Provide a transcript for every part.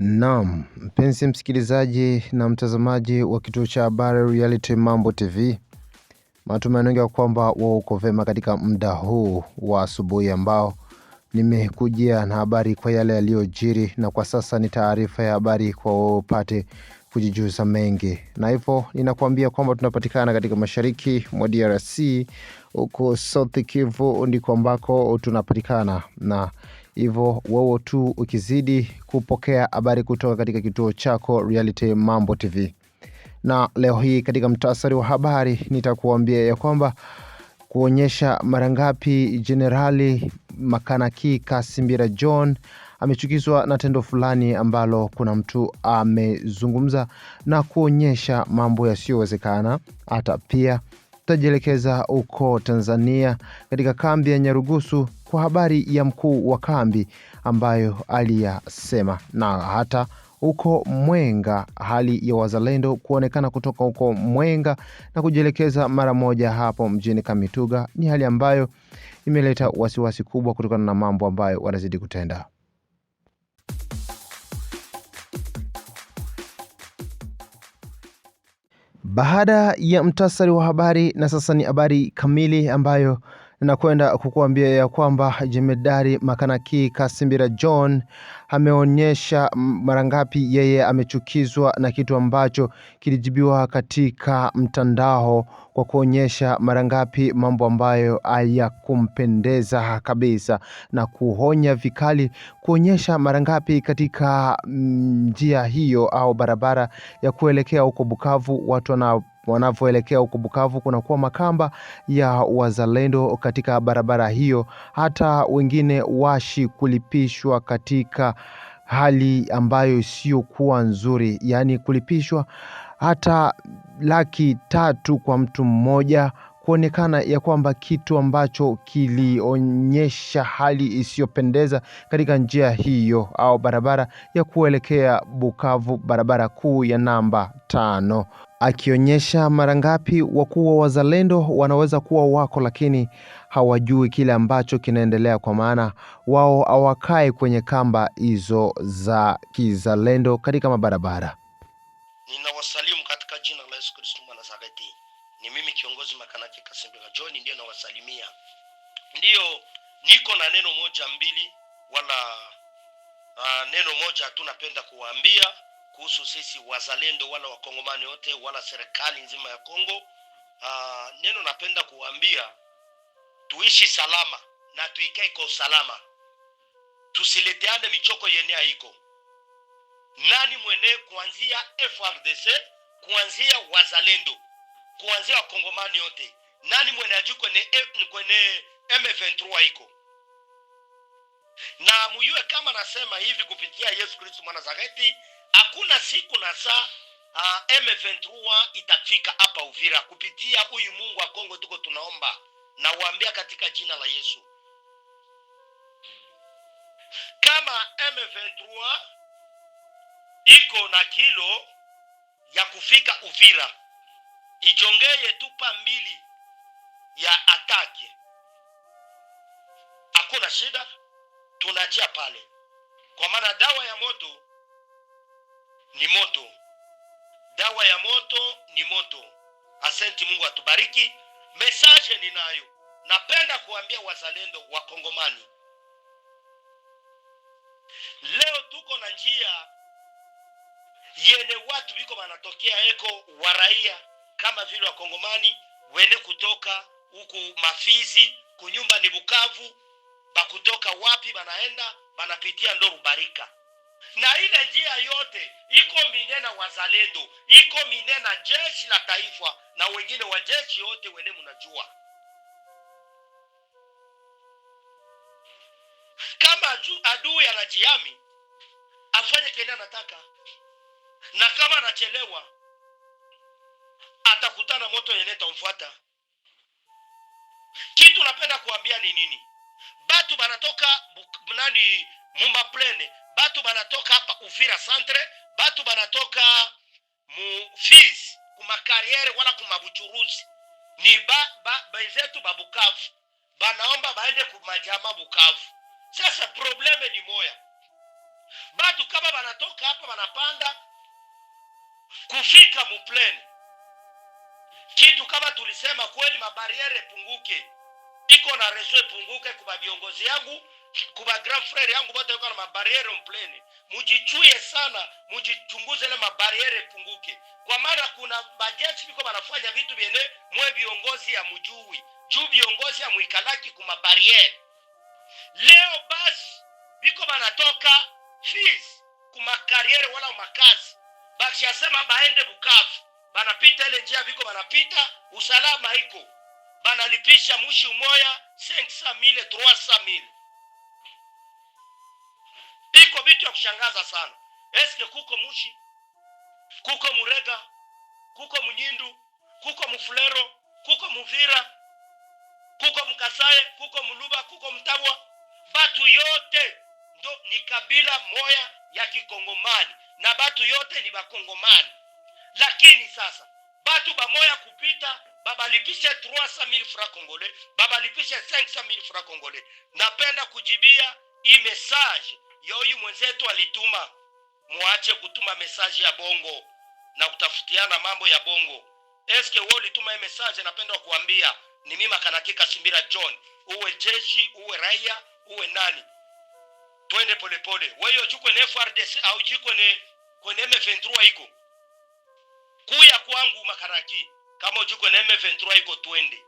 Naam, mpenzi msikilizaji na mtazamaji wa kituo cha habari Reality Mambo TV, matumaini yangu kwamba wewe uko vema katika muda huu wa asubuhi ambao nimekujia na habari kwa yale yaliyojiri, na kwa sasa ni taarifa ya habari kwa wewe upate kujijuza mengi, na hivyo ninakuambia kwamba tunapatikana katika mashariki mwa DRC huko South Kivu ndiko ambako tunapatikana na hivyo wewe tu ukizidi kupokea habari kutoka katika kituo chako Reality Mambo TV. Na leo hii katika mtasari wa habari nitakuambia ya kwamba kuonyesha mara ngapi Jenerali Makanaki Kasimbira John amechukizwa na tendo fulani ambalo kuna mtu amezungumza na kuonyesha mambo yasiyowezekana. Hata pia tutajielekeza huko Tanzania katika kambi ya Nyarugusu kwa habari ya mkuu wa kambi ambayo aliyasema. Na hata huko Mwenga hali ya wazalendo kuonekana kutoka huko Mwenga na kujielekeza mara moja hapo mjini Kamituga ni hali ambayo imeleta wasiwasi kubwa kutokana na mambo ambayo wanazidi kutenda. Baada ya mtasari wa habari, na sasa ni habari kamili ambayo na kwenda kukuambia ya kwamba jemedari Makanaki Kasimbira John ameonyesha mara ngapi yeye amechukizwa na kitu ambacho kilijibiwa katika mtandao kwa kuonyesha mara ngapi mambo ambayo hayakumpendeza kabisa, na kuonya vikali kuonyesha mara ngapi katika mm, njia hiyo au barabara ya kuelekea huko Bukavu watu wana wanavyoelekea huko Bukavu, kunakuwa makamba ya wazalendo katika barabara hiyo, hata wengine washi kulipishwa katika hali ambayo isiyokuwa nzuri, yaani kulipishwa hata laki tatu kwa mtu mmoja kuonekana ya kwamba kitu ambacho kilionyesha hali isiyopendeza katika njia hiyo au barabara ya kuelekea Bukavu, barabara kuu ya namba tano akionyesha mara ngapi wakuwa wazalendo wanaweza kuwa wako, lakini hawajui kile ambacho kinaendelea, kwa maana wao hawakae kwenye kamba hizo za kizalendo katika mabarabara. Ninawasalimu katika jina la Yesu Kristo Mwanazareti. Ni mimi kiongozi Makanaki Kasembe John, ndiyo nawasalimia. Ndiyo, niko na neno moja mbili, wala uh, neno moja tu napenda kuwaambia kuhusu sisi wazalendo wala wakongomani wote wala serikali nzima ya Kongo. Aa, ah, neno napenda kuambia tuishi salama na tuikae kwa usalama, tusileteane michoko yenye haiko nani mwenye kuanzia FRDC kuanzia wazalendo kuanzia wakongomani yote, nani mwenye ajui kwenye e, kwenye M23 iko na muyue, kama nasema hivi kupitia Yesu Kristo mwana Nazareti hakuna siku na saa uh, M23 itafika hapa Uvira kupitia huyu Mungu wa Kongo. Tuko tunaomba na uambia katika jina la Yesu, kama M23 iko na kilo ya kufika Uvira, ijongeye tupa mbili ya atake, hakuna shida, tunaachia pale, kwa maana dawa ya moto ni moto, dawa ya moto ni moto. Asante, Mungu atubariki. Message ninayo, napenda kuambia wazalendo wa Kongomani, leo tuko na njia yene watu viko wanatokea eko wa raia kama vile wakongomani wene kutoka huku Mafizi kunyumba ni Bukavu, bakutoka wapi banaenda banapitia ndo Rubarika na ile njia yote iko mine na wazalendo, iko mine na jeshi la taifa na wengine wa jeshi yote wene munajua kama adui anajiami afanye kile anataka, na kama anachelewa atakutana moto yenye tamfuata. Kitu napenda kuambia ni nini? Batu banatoka nani mumaplene batu banatoka hapa Uvira centre, batu banatoka mufizi kumakariere wala kumabuchuruzi, ni ba, ba, ba, babukavu banaomba baende kumajama Bukavu. Sasa probleme ni moya, batu kama banatoka hapa banapanda kufika mupleni kitu kama tulisema kweli, mabariere epunguke, iko na rezo epunguke, kwa viongozi yangu kuba grand frere yangu bote yuko na mabariere mpleni, mujichuye sana, mujichunguze ile mabariere punguke, kwa maana kuna bajeshi biko banafanya vitu vyene mwe viongozi ya mjui juu viongozi ya muikalaki kuma bariere. Leo basi biko banatoka fees kuma kariere wala makazi, yasema baende Bukavu, banapita ile njia biko banapita, usalama iko banalipisha mushi umoya 500000 300000 Iko vitu ya kushangaza sana. Eske kuko Mushi, kuko Murega, kuko Munyindu, kuko Mufulero, kuko Muvira, kuko Mkasaye, kuko Muluba, kuko Mtabwa. Batu yote ndo ni kabila moya ya Kikongomani na batu yote ni Bakongomani, lakini sasa batu bamoya kupita babalipishe 300000 francs congolais, babalipishe 500000 francs congolais. Napenda kujibia hii message ya huyu mwenzetu alituma, muache kutuma mesaji ya bongo na kutafutiana mambo ya bongo. Eske wewe ulituma hii mesaji? Napenda kuambia ni mimi kanakika Simbira John, uwe jeshi uwe raia uwe nani, twende polepole. Wewe juu kwenye FRDC au juu kwenye kwenye M23 iko kuya kwangu makaraki kama juu kwenye M23 iko twende.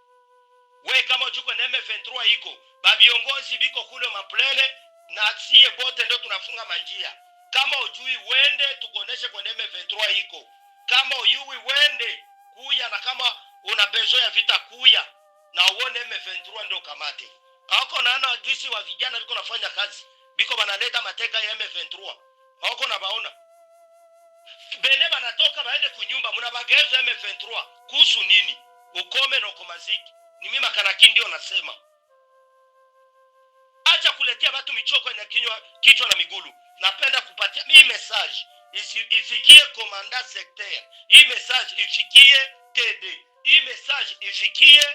We kama juu kwenye M23 iko ba viongozi biko kule maplele na sie bote ndio tunafunga manjia. Kama ujui wende, tukuoneshe kwenye M23 iko. Kama ujui wende kuya, na kama una bezo ya vita kuya na uone M23 ndio kamate hako. Naona gisi wa vijana biko nafanya kazi, biko banaleta mateka ya M23 hako na baona bene banatoka baende kunyumba, muna bagezo M23 kuhusu nini? Ukome na ukomaziki ni mimi makanaki ndio nasema. Acha kuletea watu michoko na kinywa kichwa na migulu. Napenda kupatia hii message ifikie komanda sekter, hii message ifikie TD, hii message ifikie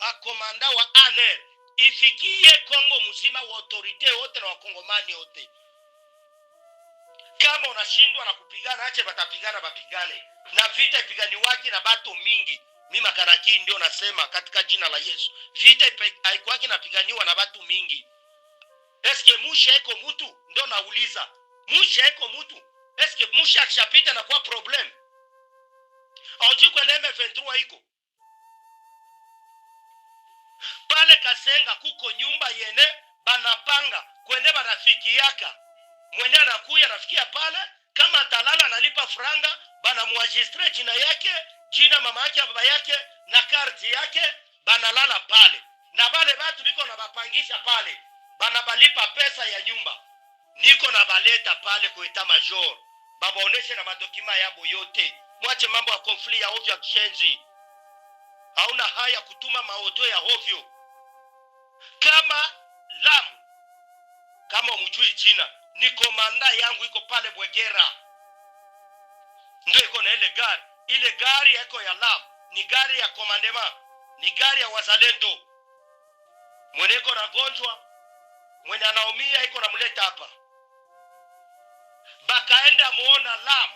ah, komanda wa ANR, ifikie Kongo mzima, wa autorite wote na wakongomani wote. Kama unashindwa na kupigana, acha batapigana, bapigane na vita ipigani waki na bato mingi Mi makanaki ndio nasema katika jina la Yesu, vita haikuwaki napiganiwa na batu mingi. Eske mushi eko mutu? Ndio nauliza, mushi eko mutu? Eske mushi akishapita na kwa problem aujui kwenda M23 iko pale Kasenga, kuko nyumba yene banapanga kwende barafiki yaka mwene anakuya nafikia pale, kama atalala analipa franga, banamwajistre jina yake jina mama yake baba yake na karti yake, banalala pale na bale batu biko na bapangisha pale banabalipa pesa ya nyumba, niko na baleta pale kuita major, babaoneshe na madokima yabo yote. Mwache mambo ya konfli ya ovyo ya kishenzi, hauna haya kutuma maodo ya ovyo kama Lamu. Kama umjui jina, ni komanda yangu iko pale Bwegera, ndio iko na ile gari. Ile gari yako ya Lamu ni gari ya komandema, ni gari ya wazalendo mweneko na gonjwa mwenye anaumia iko namleta hapa, bakaenda muona lam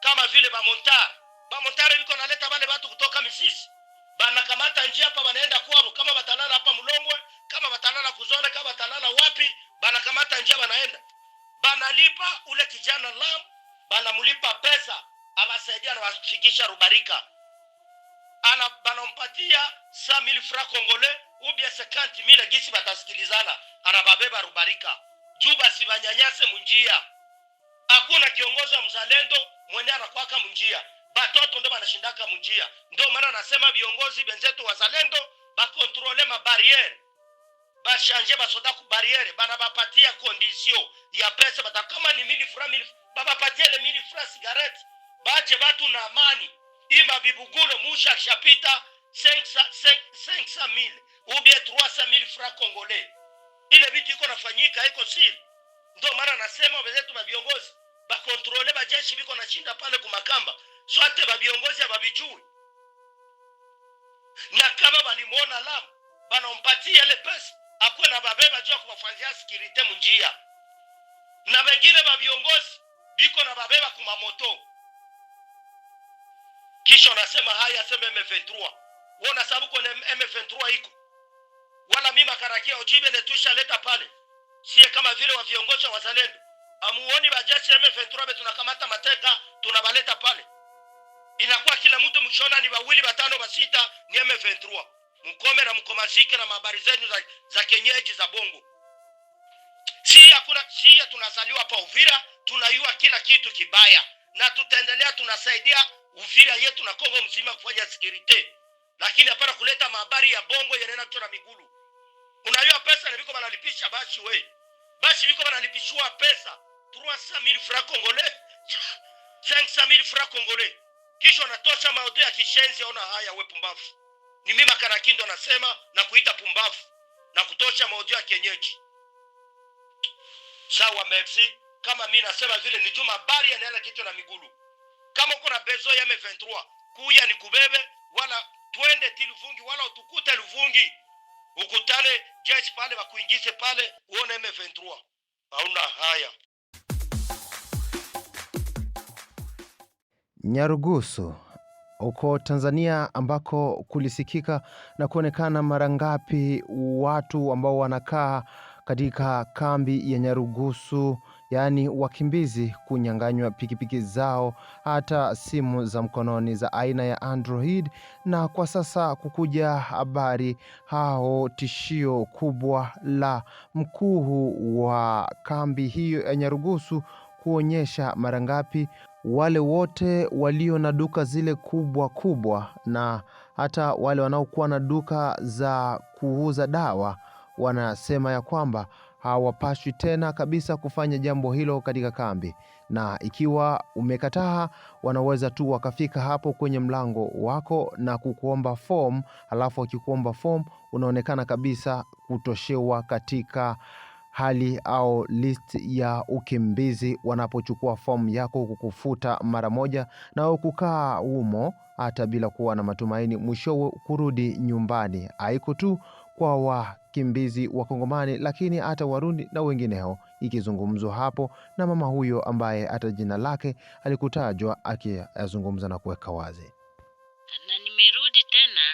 kama vile bamontar bamontar biko naleta bale batu kutoka Misisi, banakamata njia hapa, banaenda kwao. Kama batalala hapa Mulongwe, kama batalala Kuzone, kama batalala wapi, banakamata njia, banaenda banalipa ule kijana lam, banamulipa pesa abasaidia, anawashikisha Rubarika, ana banampatia 100000 francs congolais ou bien 50000 gisi batasikilizana arababeba arubarika juba sibanyanyase munjia hakuna kiongozi wa mzalendo mwenye anakwaka munjia batoto ndo banashindaka munjia ndo maana anasema viongozi benzetu wazalendo bakontrole mabariere bashanje basoda ku bariere bana bapatia kondisio ya pesa bata kama ni mili fra mili babapatia le mili fra sigareti bache batu na amani ima bibugulo musha shapita 500 500 mil ou bien 300 mil fra congolais ile vitu iko nafanyika iko siri. Ndio maana nasema wenzetu ba viongozi ba controller ba jeshi biko na shinda pale kumakamba sote ba viongozi abavijui, na kama walimuona Lamu banampatia ile pesa akuwe na babeba jua kubafanyia sikirite munjia, na wengine ba viongozi biko na babeba kumamoto. Kisha nasema haya, sema M23 wona sababu kwa M23 iko wala mimi Makarakia ujibe netusha leta pale, sie kama vile wa viongozi wa wazalendo amuoni bajeshi M23 be tunakamata mateka tunabaleta pale, inakuwa kila mtu mkiona ni wawili watano wa sita ni M23. Mkome na mkomazike na mabari zenu za, za kenyeji za bongo. Si hakuna si tunazaliwa pa Uvira, tunayua kila kitu kibaya na tutaendelea tunasaidia Uvira yetu na Kongo mzima kufanya sekuriti lakini hapana kuleta mahabari ya bongo yanaenda kutoka migulu. Unajua pesa na viko banalipisha bashi we bashi viko banalipishwa pesa 300000 francs congolais 500000 francs congolais, kisha unatosha maoto ya kishenzi. Ona haya we pumbavu, ni mimi Makarakindo nasema na kuita pumbavu na kutosha maoto ya kienyeji. Sawa, merci. Kama mimi nasema vile ni juma ya yanaenda kitu na migulu. Kama uko na bezo ya M23 kuya ni kubebe wala twende ti Luvungi, wala utukute Luvungi, ukutane jeshi pale, wakuingize pale, uone M23 hauna haya. Nyarugusu huko Tanzania ambako kulisikika na kuonekana mara ngapi watu ambao wanakaa katika kambi ya Nyarugusu yaani wakimbizi kunyang'anywa pikipiki zao, hata simu za mkononi za aina ya Android, na kwa sasa kukuja habari hao tishio kubwa la mkuu wa kambi hiyo ya Nyarugusu kuonyesha mara ngapi wale wote walio na duka zile kubwa kubwa na hata wale wanaokuwa na duka za kuuza dawa wanasema ya kwamba hawapashwi tena kabisa kufanya jambo hilo katika kambi, na ikiwa umekataa, wanaweza tu wakafika hapo kwenye mlango wako na kukuomba fomu. Halafu wakikuomba fomu, unaonekana kabisa kutoshewa katika hali au list ya ukimbizi, wanapochukua fomu yako kukufuta mara moja, na kukaa humo hata bila kuwa na matumaini mwishowe kurudi nyumbani. Haiko tu kwa wa kimbizi wa Kongomani, lakini hata Warundi na wengineo, ikizungumzwa hapo na mama huyo ambaye hata jina lake alikutajwa akiyazungumza na kuweka wazi. Na nimerudi tena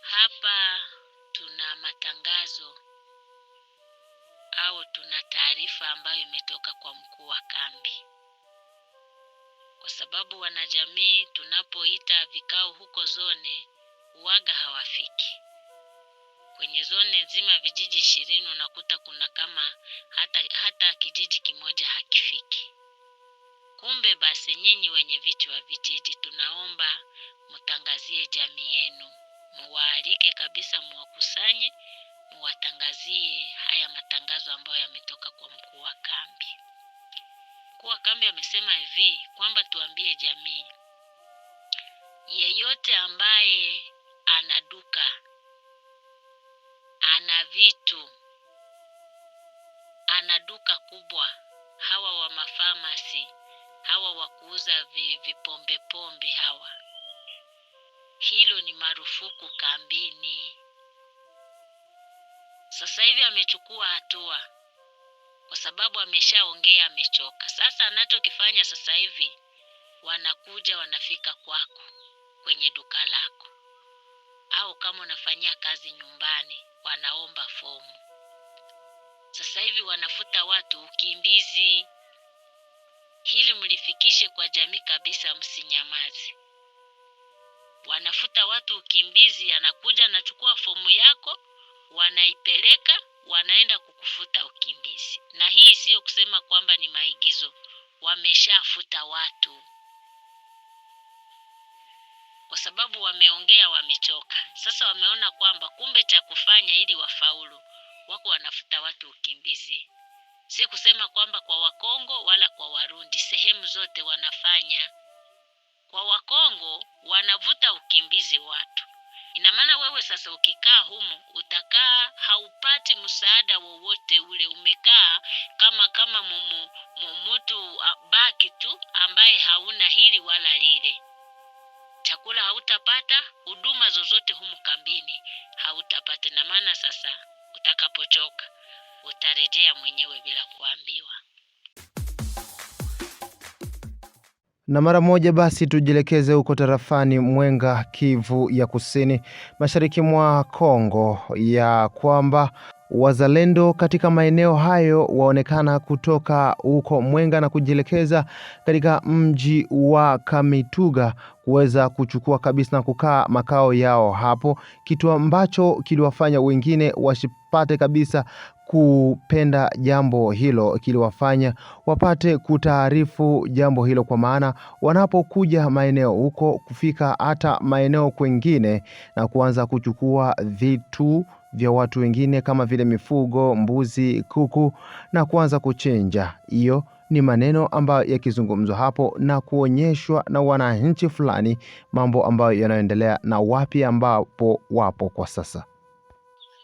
hapa, tuna matangazo au tuna taarifa ambayo imetoka kwa mkuu wa kambi kwa sababu wanajamii tunapoita vikao huko zone uwaga hawafiki. Kwenye zone nzima vijiji ishirini unakuta kuna kama hata, hata kijiji kimoja hakifiki. Kumbe basi, nyinyi wenye vichwa wa vijiji, tunaomba mtangazie jamii yenu, muwaalike kabisa, muwakusanye, muwatangazie haya matangazo ambayo yametoka kwa mkuu wa kambi. Mkuu wa kambi amesema hivi kwamba tuambie jamii yeyote ambaye ana duka ana vitu, ana duka kubwa. Hawa wa mafamasi hawa wa kuuza vipombe pombe hawa, hilo ni marufuku kambini. Sasa hivi amechukua hatua kwa sababu ameshaongea, amechoka. Sasa anachokifanya sasa hivi, wanakuja wanafika kwako kwenye duka lako, au kama unafanyia kazi nyumbani, wanaomba fomu. Sasa hivi wanafuta watu ukimbizi. Hili mlifikishe kwa jamii kabisa, msinyamaze. Wanafuta watu ukimbizi, anakuja anachukua fomu yako, wanaipeleka, wanaenda kukufuta ukimbizi. Na hii siyo kusema kwamba ni maigizo, wameshafuta watu kwa sababu wameongea, wamechoka. Sasa wameona kwamba kumbe cha kufanya ili wafaulu, wako wanafuta watu ukimbizi. Si kusema kwamba kwa Wakongo wala kwa Warundi, sehemu zote wanafanya. Kwa Wakongo wanavuta ukimbizi watu. Ina maana wewe sasa ukikaa humu utakaa haupati msaada wowote ule, umekaa kama kama mumu, mumutu baki tu ambaye hauna hili wala lile chakula hautapata, huduma zozote humu kambini hautapata. Na maana sasa utakapochoka utarejea mwenyewe bila kuambiwa. Na mara moja basi tujielekeze huko tarafani Mwenga, Kivu ya Kusini, mashariki mwa Kongo, ya kwamba Wazalendo katika maeneo hayo waonekana kutoka huko Mwenga na kujielekeza katika mji wa Kamituga kuweza kuchukua kabisa na kukaa makao yao hapo, kitu ambacho kiliwafanya wengine wasipate kabisa kupenda jambo hilo, kiliwafanya wapate kutaarifu jambo hilo, kwa maana wanapokuja maeneo huko kufika hata maeneo kwengine na kuanza kuchukua vitu vya watu wengine kama vile mifugo, mbuzi, kuku na kuanza kuchinja. Hiyo ni maneno ambayo yakizungumzwa hapo na kuonyeshwa na wananchi fulani mambo ambayo yanayoendelea na wapi ambapo wapo kwa sasa.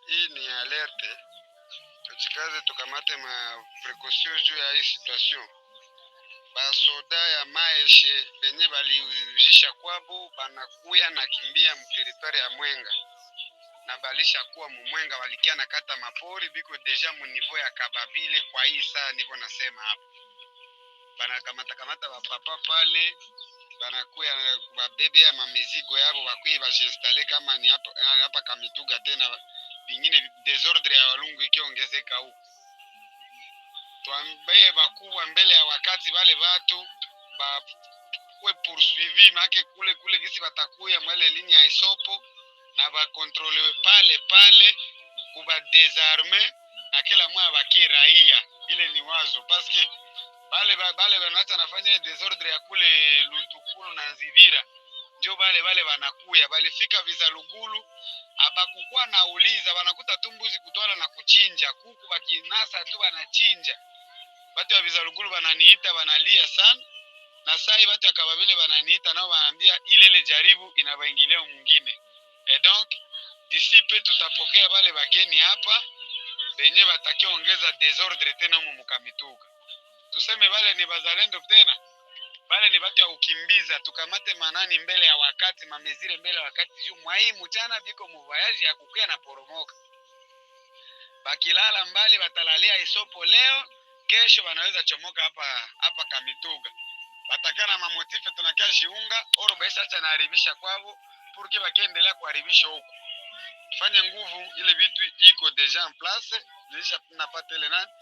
Hii ni alerte, tujikaze tukamate ma precaution juu ya hii situation. Basoda ya maeshe benye baliuzisha kwabo banakuya na kimbia mteritwari ya Mwenga nabalisha kuwa mumwenga walikia na kata mapori biko deja munivo ya kababile. Kwa hii saa niko nasema hapa banakamatakakamata bapapa pale banakuya babebe ya mamizigo yabo bakuye bajestale kama ni hapa, eh, hapa Kamituga tena vingine desordre ya walungu ikiongezeka huko. Twambie bakubwa mbele ya wakati bale batu kwe poursuivi make kule kule gisi batakuya mwele linia ya isopo na bakontrolewe pale pale kuba desarme na kila mwa abake raia. Ile ni wazo paske bale bale banata nafanya desordre ya kule Luntukulu na Nzibira, ndio bale bale banakuya balifika Vizalugulu, abakukuwa nauliza, banakuta tu mbuzi kutwala na kuchinja, kuku bakinasa tu banachinja. Batu ya Vizalugulu bananiita banalia sana, na sai batu ya Kababile bananiita nao, banaambia ile ile jaribu inabaingilia mwingine Et donc d'ici peu, tout disi pe tutapokea wale wageni hapa benye batakiongeza desordre tena mu mukamituga. Tuseme wale ni bazalendo tena, wale ni watu ya ukimbiza, tukamate manani mbele ya wakati, mamezire mbele ya wakati, juu mwai mchana viko muvayaji ya kukia na poromoka. Bakilala mbali batalalia isopo leo, kesho wanaweza chomoka hapa hapa Kamituga. Batakana mamotife tunakia jiunga, oro baisa acha naharibisha kwao purke bakiendelea kuharibisha huko. Fanye nguvu, ile vitu iko deja en place, nilisha napata ile nani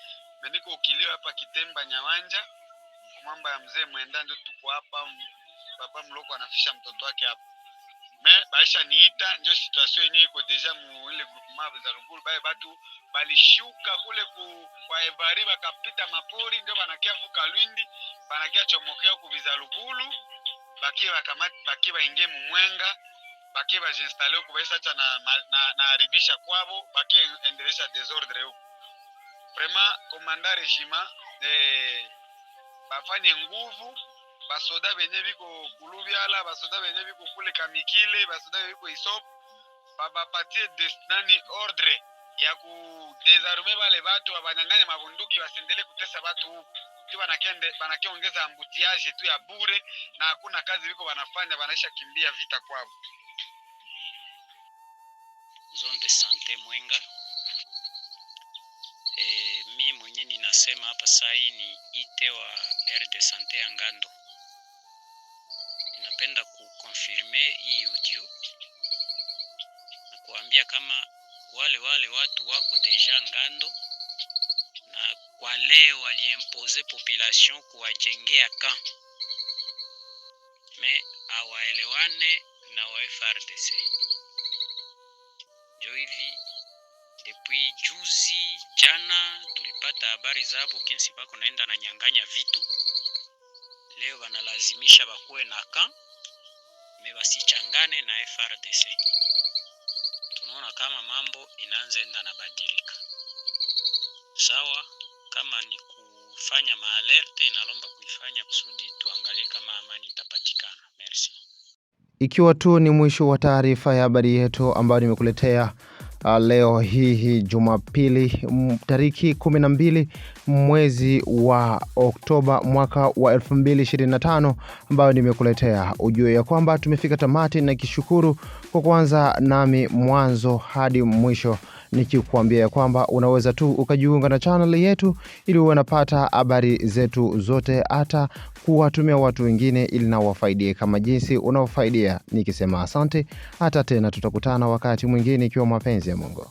meniko ukilio hapa Kitemba Nyawanja, mwamba ya mzee Mwenda, ndio tuko hapa. Papa mloko anafisha mtoto wake hapa me baisha niita, ndio situation yenyewe iko deja mu ile groupement za Ruguru. Bae batu balishuka kule ku kwa Evari bakapita mapori, ndio banakia vuka Lwindi, banakia chomokea ku Bizaruguru, bakie bakamati, bakie baingie mu Mwenga bake bajiinstale huku baisacha naharibisha na, na kwabo bake endelesha desordre huku vraiment komanda regima eh, bafanye nguvu basoda benye biko kulubyala basoda benye biko kule kamikile basoda benye biko isop bapatie destinani ordre ya kudesarme bale batu babanyanganye mabunduki basendele kutesa batu huku tu banakiongeza ambutiaje tu ya bure na hakuna kazi biko banafanya banaisha kimbia vita kwabo zone de sante Mwenga. E, mi mwenye ninasema hapa sai ni ite wa R de sante ya Ngando. Ninapenda kukonfirme hii audio na kuambia kama wale wale watu wako deja Ngando na kwa leo waliimpose population kuwajengea ka me awaelewane na wa FRDC. Njo hivi depuis juzi jana tulipata habari zabo ginsi bako naenda na nyang'anya vitu. Leo wanalazimisha bakuwe na kan me wasichangane na FRDC. Tunaona kama mambo inaanza enda na badilika. Sawa, kama ni kufanya maalerte inalomba kuifanya kusudi tuang ikiwa tu ni mwisho wa taarifa ya habari yetu ambayo nimekuletea uh, leo hii Jumapili tariki 12 mwezi wa Oktoba mwaka wa 2025 ambayo nimekuletea, ujue ya kwamba tumefika tamati na kishukuru kwa kuanza nami mwanzo hadi mwisho nikikuambia ya kwamba unaweza tu ukajiunga na chanel yetu ili unapata habari zetu zote, hata kuwatumia watu wengine ili nao wafaidie kama jinsi unaofaidia. Nikisema asante, hata tena tutakutana wakati mwingine, ikiwa mapenzi ya Mungu.